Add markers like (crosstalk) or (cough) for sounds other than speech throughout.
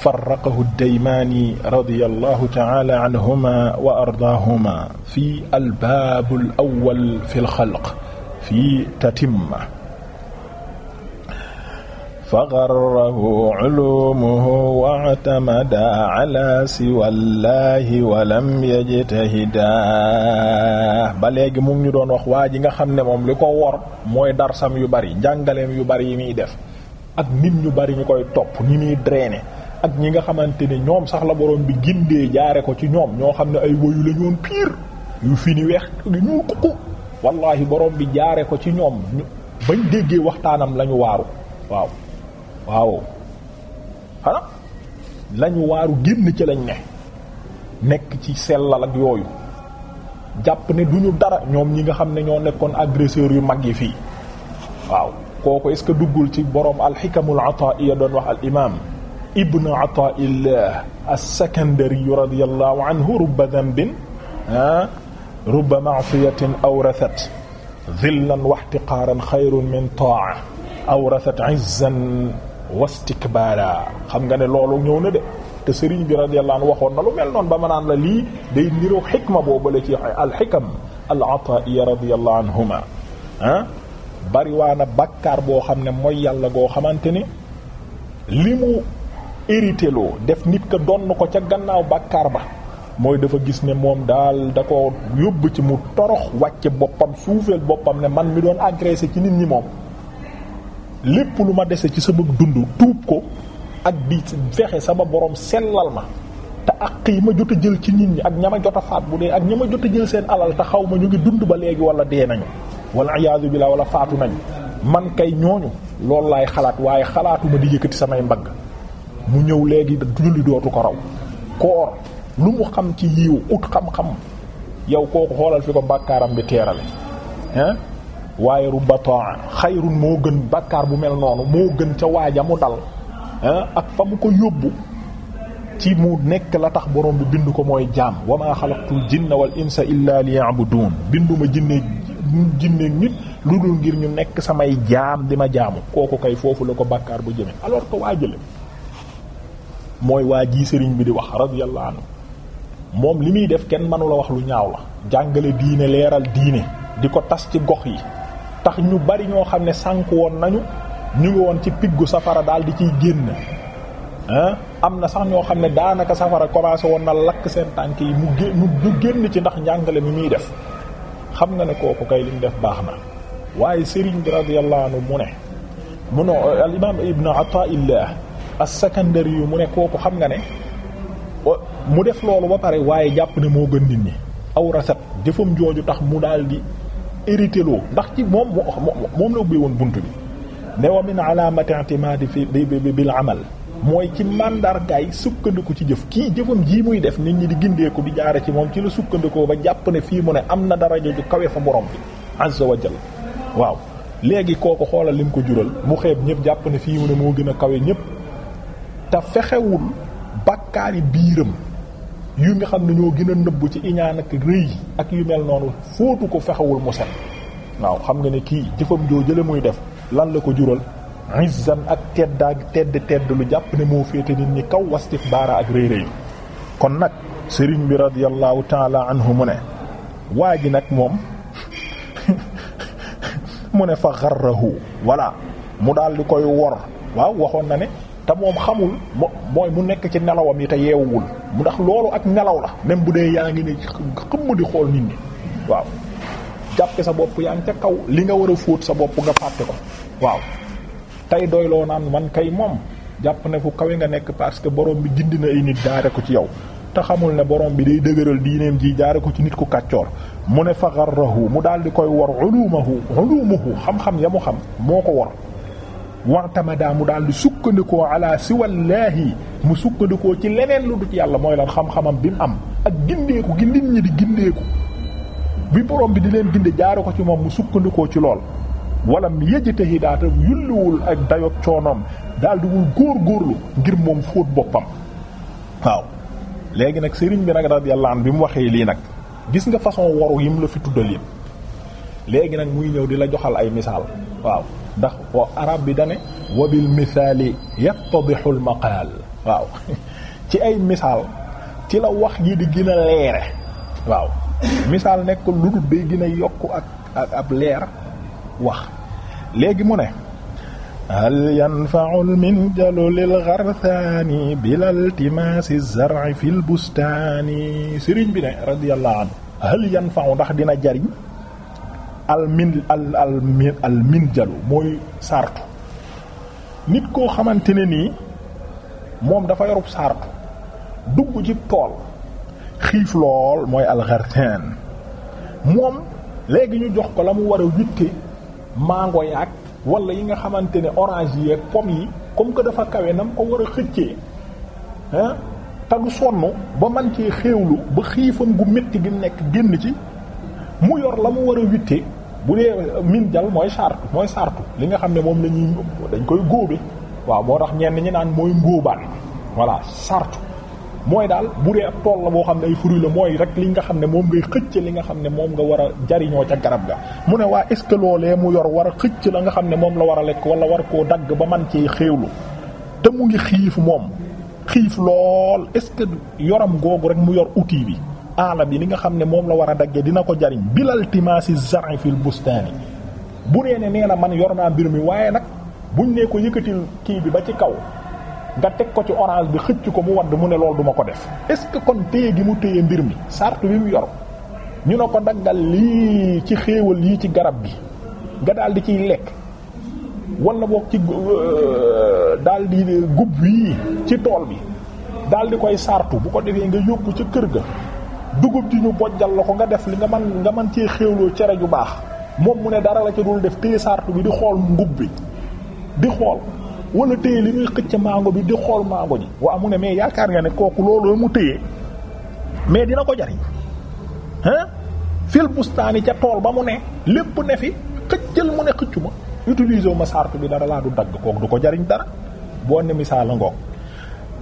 farraqahu daymaani radiyallahu ta'ala anhuma wa ardaahuma fi albaabul awwal fil xalq fi tatimma fagarrahu culuumuhu wactamada ala siwallaahi walam yajtahida ba léegi mu ngi ñu doon wax waa ji nga xam ne moom li ko wor mooy darsam yu bari njàngaleem yu bari yi muy def ak nit ñu bari ñu koy topp ni muy drainer ak ñi nga xamante ne ñoom sax la borom bi gindee jaare ko ci ñoom ñoo xam ne ay woyu la ñoon pire yu fi ni weex yu ñuul kukku wallahi borom bi jaare ko ci ñoom bañ déggee waxtaanam lañu waaru waaw waaw xanaa lañu waaru génn ci lañ ne nekk ci sellal ak yooyu jàpp ne duñu dara ñoom ñi nga xam ne ñoo nekkoon agresseurs yu mag yi fii waaw kooku est-ce que duggul ci borom alxikamul ataiya doon wax al imaam ibn Ataa'illah as-Sakandari radiyallahu anhu rubba dhanbin rubba ma'siyatin awrathat dhillan wa ihtiqaaran khayrun min taa'a awrathat 'izzan wa istikbaara xam nga ne loolu ñëw na de te Serigne bi radiyallahu anhu waxoon na lu mel noonu ba ma naan la lii day niroo xikma boobu la ci al-xikam al-Ataa'iyya radiyallahu anhuma ah bariwaana bakkaar boo xam ne mooy yàlla goo xamante ni li mu hérité loo def nit ka donn ko ca gannaaw bàkkaar ba mooy dafa gis ne moom daal da ko yóbbu ci mu torox wàcce boppam suufeel boppam ne man mi doon agressé ci nit ñi moom lépp lu ma dese ci sama dund tuub ko ak di fexe sama borom sellal ma te ak yi ma jot a jël ci nit ñi ak ña ma jot a faat bu dee ak ña ma jot a jël seen alal te xaw ma ñu ngi dund ba léegi wala dee nañu wala iyaadu la wala faatu nañu man kay ñooñu loolu lay xalaat waaye xalaatuma di yëkkati samay mbagg mu ñëw léegi julli dootu ko raw koor lu mu xam ci yiw ut xam-xam yow kooku xoolal fi ko bàkkaaram bi teerale hein waaye rubba taa xayrun moo gën bàkkaar bu mel noonu moo gën ca waaja mu dal hein ak fa mu ko yóbbu ci mu nekk la tax borom bi bind ko mooy jaam wa maa xalaqtul jinna wal insa illa liya'budun binduma jinne jinne nit lu dul ngir ñu nekk samay jaam di ma jaamu kooku kay foofu la ko bàkkaar bu jëme alors que waajale mooy waa jii sëriñ bi di wax radiyallahu anhu moom li muy def kenn mënu wax lu ñaaw la jàngale diine leeral diine di ko tas ci gox yi tax ñu bari ñoo xam ne sànk woon nañu ñu ngi woon ci piggu safara daal di ciy génn ah am na sax ñoo xam ne daanaka safara commencé woon na lakk seen tànk yi mu gé génn ci ndax njàngale mi muy def xam nga ne ko kay li mu def baax na waaye sëriñ bi radiyallahu mu ne mu no al imam ibn Ata'illah as-Sakandari yu mu ne kooku xam nga ne mu def loolu ba pare waaye jàpp ne moo gën nit ñi aw rasat jëfam jooju tax mu daal di hérité ndax ci moom moom la ubbi woon bunt bi ne wa di alaamati i'timaadi bi bil amal mooy ci màndargaay sukkandiku ci jëf kii jëfam jii muy def nit ñi di gindeeku di jaare ci moom ci la sukkandikoo ba jàpp ne fii mu ne am na daraja ju kawe fa borom bi azza wa waaw léegi kooku xoolal lim ko jural mu xeeb ñëpp jàpp ne moo gën a kawe ñëpp te fexewul bàkkaari biiram yu nga xam ne ñoo gën a nëbb ci iñaan ak rëy ak yu mel noonu fóotu ko fexewul mu set waaw xam nga ne kii jëfam joo jële muy def lan la ko jural izzan ak teddaag tedd tedd lu jàpp ne moo féete nit ñi kaw wastif baara ak rëy rëy kon nag sëriñ bi radiyallahu taala anhu mu ne waa ji nag moom (laughs) mu ne fa xarrahu voilà mu daal di koy wor waaw waxoon na ne te moom xamul mooy mu nekk ci nelawam yi te yeewuwul mu ndax loolu ak nelaw la même bu dee yaa ngi ne xëmm di xool nit ñi waaw jàppe sa bopp yaa ngi ca kaw li nga war a fóot sa bopp nga fàtte ko waaw tey doyloo naan man kay moom jàpp ne fu kawe nga nekk parce que borom bi jindi na ay nit jaare ko ci yow te xamul ne borom bi day dëgëral diineem ji jaare ko ci nit ku kàccoor mu ne fa garrahu mu daal di koy war ulumahu ulumuhu xam-xam ya mu xam moo ko war waxtamada mu daal di sukkandikoo ala siwallaahi mu sukkandikoo ci leneen lu dut yàlla mooy lan xam-xamam bi mu am ak gindeeku gi nit ñi di gindeeku bi borom bi di leen ginde jaaru ko ci moom mu sukkandikoo ci lool walla walam yajtahidaata yulluwul ak dayob coonoom daal di wul góor góorlu ngir moom fóot boppam waaw léegi nag sëriñ bi nag radiyallahu an bi mu waxee lii nag gis nga façon waru yi mu la fi tuddal yépp léegi nag muy ñëw di la joxal ay misaal ndax wa arab bi dane wa bil misaali yattadixu al maqaal waaw (laughs) ci ay misaal ci la wax ji di gën a leere waaw misaal nekk lu dul day gën yokk ak ab leer wax léegi mu ne hal yanfa'u al-minjalu lil-gharthani bila iltimaasi az fi al-bustaani sëriñ bi ne radiyallahu anhu hal yanfa'u ndax dina jariñ al min jalu mooy sartu nit koo xamante ne nii moom dafa yorub sartu dugg ci tool xiif lool mooy alxarteen moom léegi ñu jox ko la mu war a witte mango yaag wala yi nga xamante ne orange yi ak yi comme que dafa kawe nam ko war a xëccee ah te du sonn ba man cee xéewlu ba xiifam gu métti gi nekk génn ci mu yor la mu war a witte bu dee euh, min jal mooy sartu mooy sartu li nga xam ne moom la ñuy dañ koy góobe waaw moo tax ñenn ñi naan mooy ngóobaan voilà sartu mooy daal bu dee ab tool la boo xam ne ay fruits la mooy rek li nga xam ne moom ngay xëcc li nga xam ne moom nga war a jariñoo ca garab ga mu ne waa est-ce que loolee mu yor war a xëcc la nga xam ne moom la war a lekk wala war koo dagg ba man ci xéewlu te mu ngi xiif moom xiif lool est-ce que yoram googu rek mu yor outil bi aala bi li nga xam ne moom la war a dagge dina ko jariñ bilal timaasi zar'i fil bustaani bu nee ne nee na man yor naa mbir mi waaye nag buñ ne ko yëkkatil kii bi ba ci kaw nga teg ko ci orange bi xëcc ko mu wadd mu ne lool duma ko def est-ce que kon téye gi mu téye mbir mi sart bi mu yor ñu ne ko daggal lii ci xéewal yii ci garab gi nga daal di ciy lekk wala boog ci euh, daal di gubb yii ci tool bi daal di koy sartu bu ko defee nga yóbbu ca kër ga dugub ji ñu bojjal la ko nga def li nga man nga mën cee xéewloo cere ju baax moom mu ne dara la ci dul def téye sartu bi di xool ngub bi di xool wala téye li muy xëcc mango bi di xool mango ji waaw mu ne mais yaakaar nga ne kooku loolu mu téye mais dina ko jariñ ah fil bustaani ca tool ba mu ne lépp ne fi xëccal mu ne xëccu ma utiliser ma sartu bi dara laa du dagg kooku du ko jariñ dara boo ne misaal la ngoog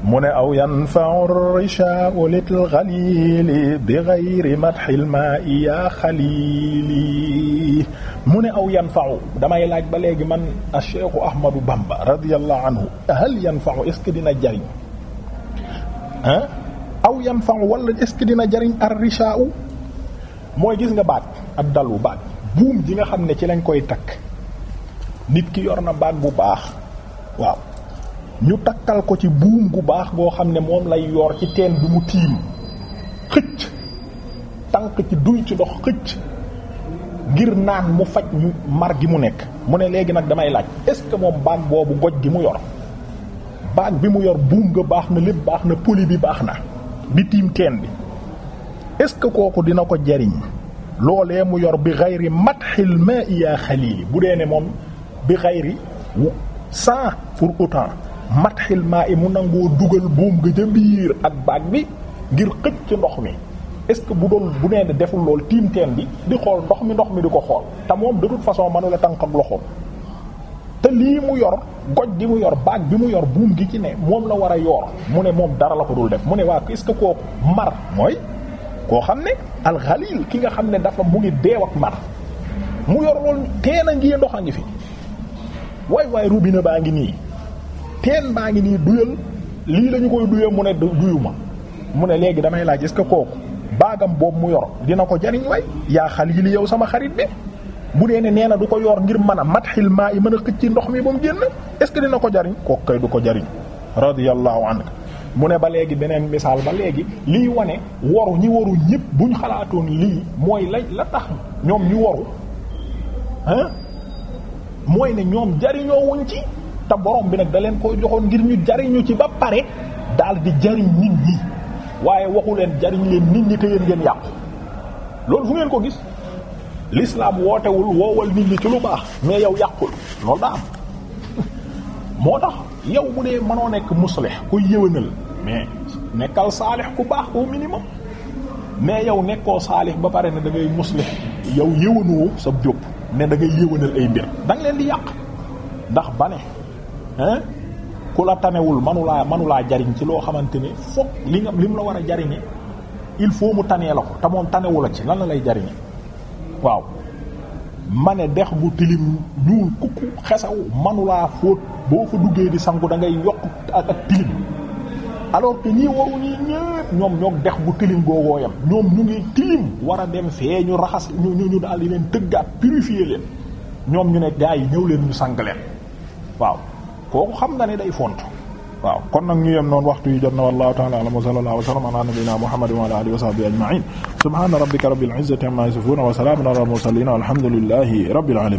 mu ne aw yanfau richaau lil xalili bi gayri matxil ma iya xalili mu ne aw yanfau damay laaj ba léegi man a cheikhu ahmadou bamba radiallahu anhu hal yanfau est-ce que dina jariñ ah aw yanfau wala est-ce que dina jariñ ar richaau mooy gis nga baat ak dalu baat buum ji nga xam ne ci lañ koy takk nit ki yor na baat bu baax waaw ñu takkal ko ci buum gu baax goo xam ne moom lay yor ci teen bi mu tiim xëcc tànk ci duy ci ndox xëcc ngir naan mu faj ñu mar gi mu nekk mu ne léegi nag damay laaj est-ce que moom baag boobu goj gi mu yor baag bi mu yor buum ga baax na lépp baax na poli bi baax na bi tiim teen bi est-ce que kooku dina ko jariñ loolee mu yor bi xayri matxil ma iya xalili bu dee ne moom bi xayri sans pour autant matxil maa i mu nangoo dugal buum ga ca biir ak baag bi ngir xëcc ndox mi est-ce que bu doon bu nee ne deful lool tiim teen bi di xool ndox mi ndox mi di ko xool te moom de façon mënu la tànk ak loxoom te lii mu yor goj gi mu yor baag bi mu yor buum gi ci ne moom la war a yor mu ne moom dara la ko dul def mu ne waa est-ce que kooku mar mooy koo xam ne alxalil ki nga xam ne dafa mu ngi deew ak mar mu yor loolu teen a ngi ndox a ngi fi waay waay robinet baa ngi nii teen baa ngi nii duyal lii la ñu koy duyee mu ne duyu ma mu ne léegi damay laaj est que kooku baagam boobu mu yor dina ko jariñ way yaa li yow sama xarit bi bu dee ne nee na du ko yor ngir mën a matxil maa yi mën a xëcc ndox mi ba mu génn est-ce que dina ko jariñ kooku kay du ko jariñ radiyallahu anka mu ne ba léegi beneen misaal ba léegi lii wane waru ñi waru ñëpp buñ xalaatoon lii mooy la la tax ñoom ñu waru ah mooy ne ñoom jariñoo wuñ ci te borom bi nag da leen koy joxoon ngir ñu jariñu ci ba pare daal di jariñ nit ñi waaye waxu leen jariñ leen nit ñi te yéen ngeen yàqu loolu fu ngeen ko gis l'islam wootewul woowal nit ñi ci lu baax mais yow yàqul loolu daa am (laughs) moo tax yow bu dee mënoo nekk muslih kuy yëwénal mais nekkal saalix ku baax au minimum mais yow nekkoo saalix ba pare ne da ngay muslih yow yëwénoo sa jóp ne da ngay yëwénal ay mbir da leen di yàq ndax bane hein ku la tanewul manulaa manulaa jariñ ci loo xamante ne foog li nga li mu la war a jariñe il faut mu tanee la ko te moom tanewu la ci lan la lay jariñe waaw mane dex bu tilim ñuul kukku xesaw manulaa fóot boo fa duggee di sangu da ngay yokk ak ak tilim alors que ñii waru ñii ñépp ñoom ñoog dex bu tilim googoo yam ñoom ñu ngi tilim war a dem fee ñu raxas ñu ñu ñu daal di leen tëggaat purifier leen ñoom ñu ne gaa yi ñëw leen ñu sang leen waaw kooku xam nga ne day font waaw kon nag ñu yem noonu waxtu yu jot na wallahu ta'ala a'lam wa sallallahu wa sallama ala nabiyyina muhammadin wa ala alihi wa sahbihi ajma'in subhana rabbika rabbil izzati amma yasifun wa salamun ala al mursalin walhamdulillahi rabbil alamin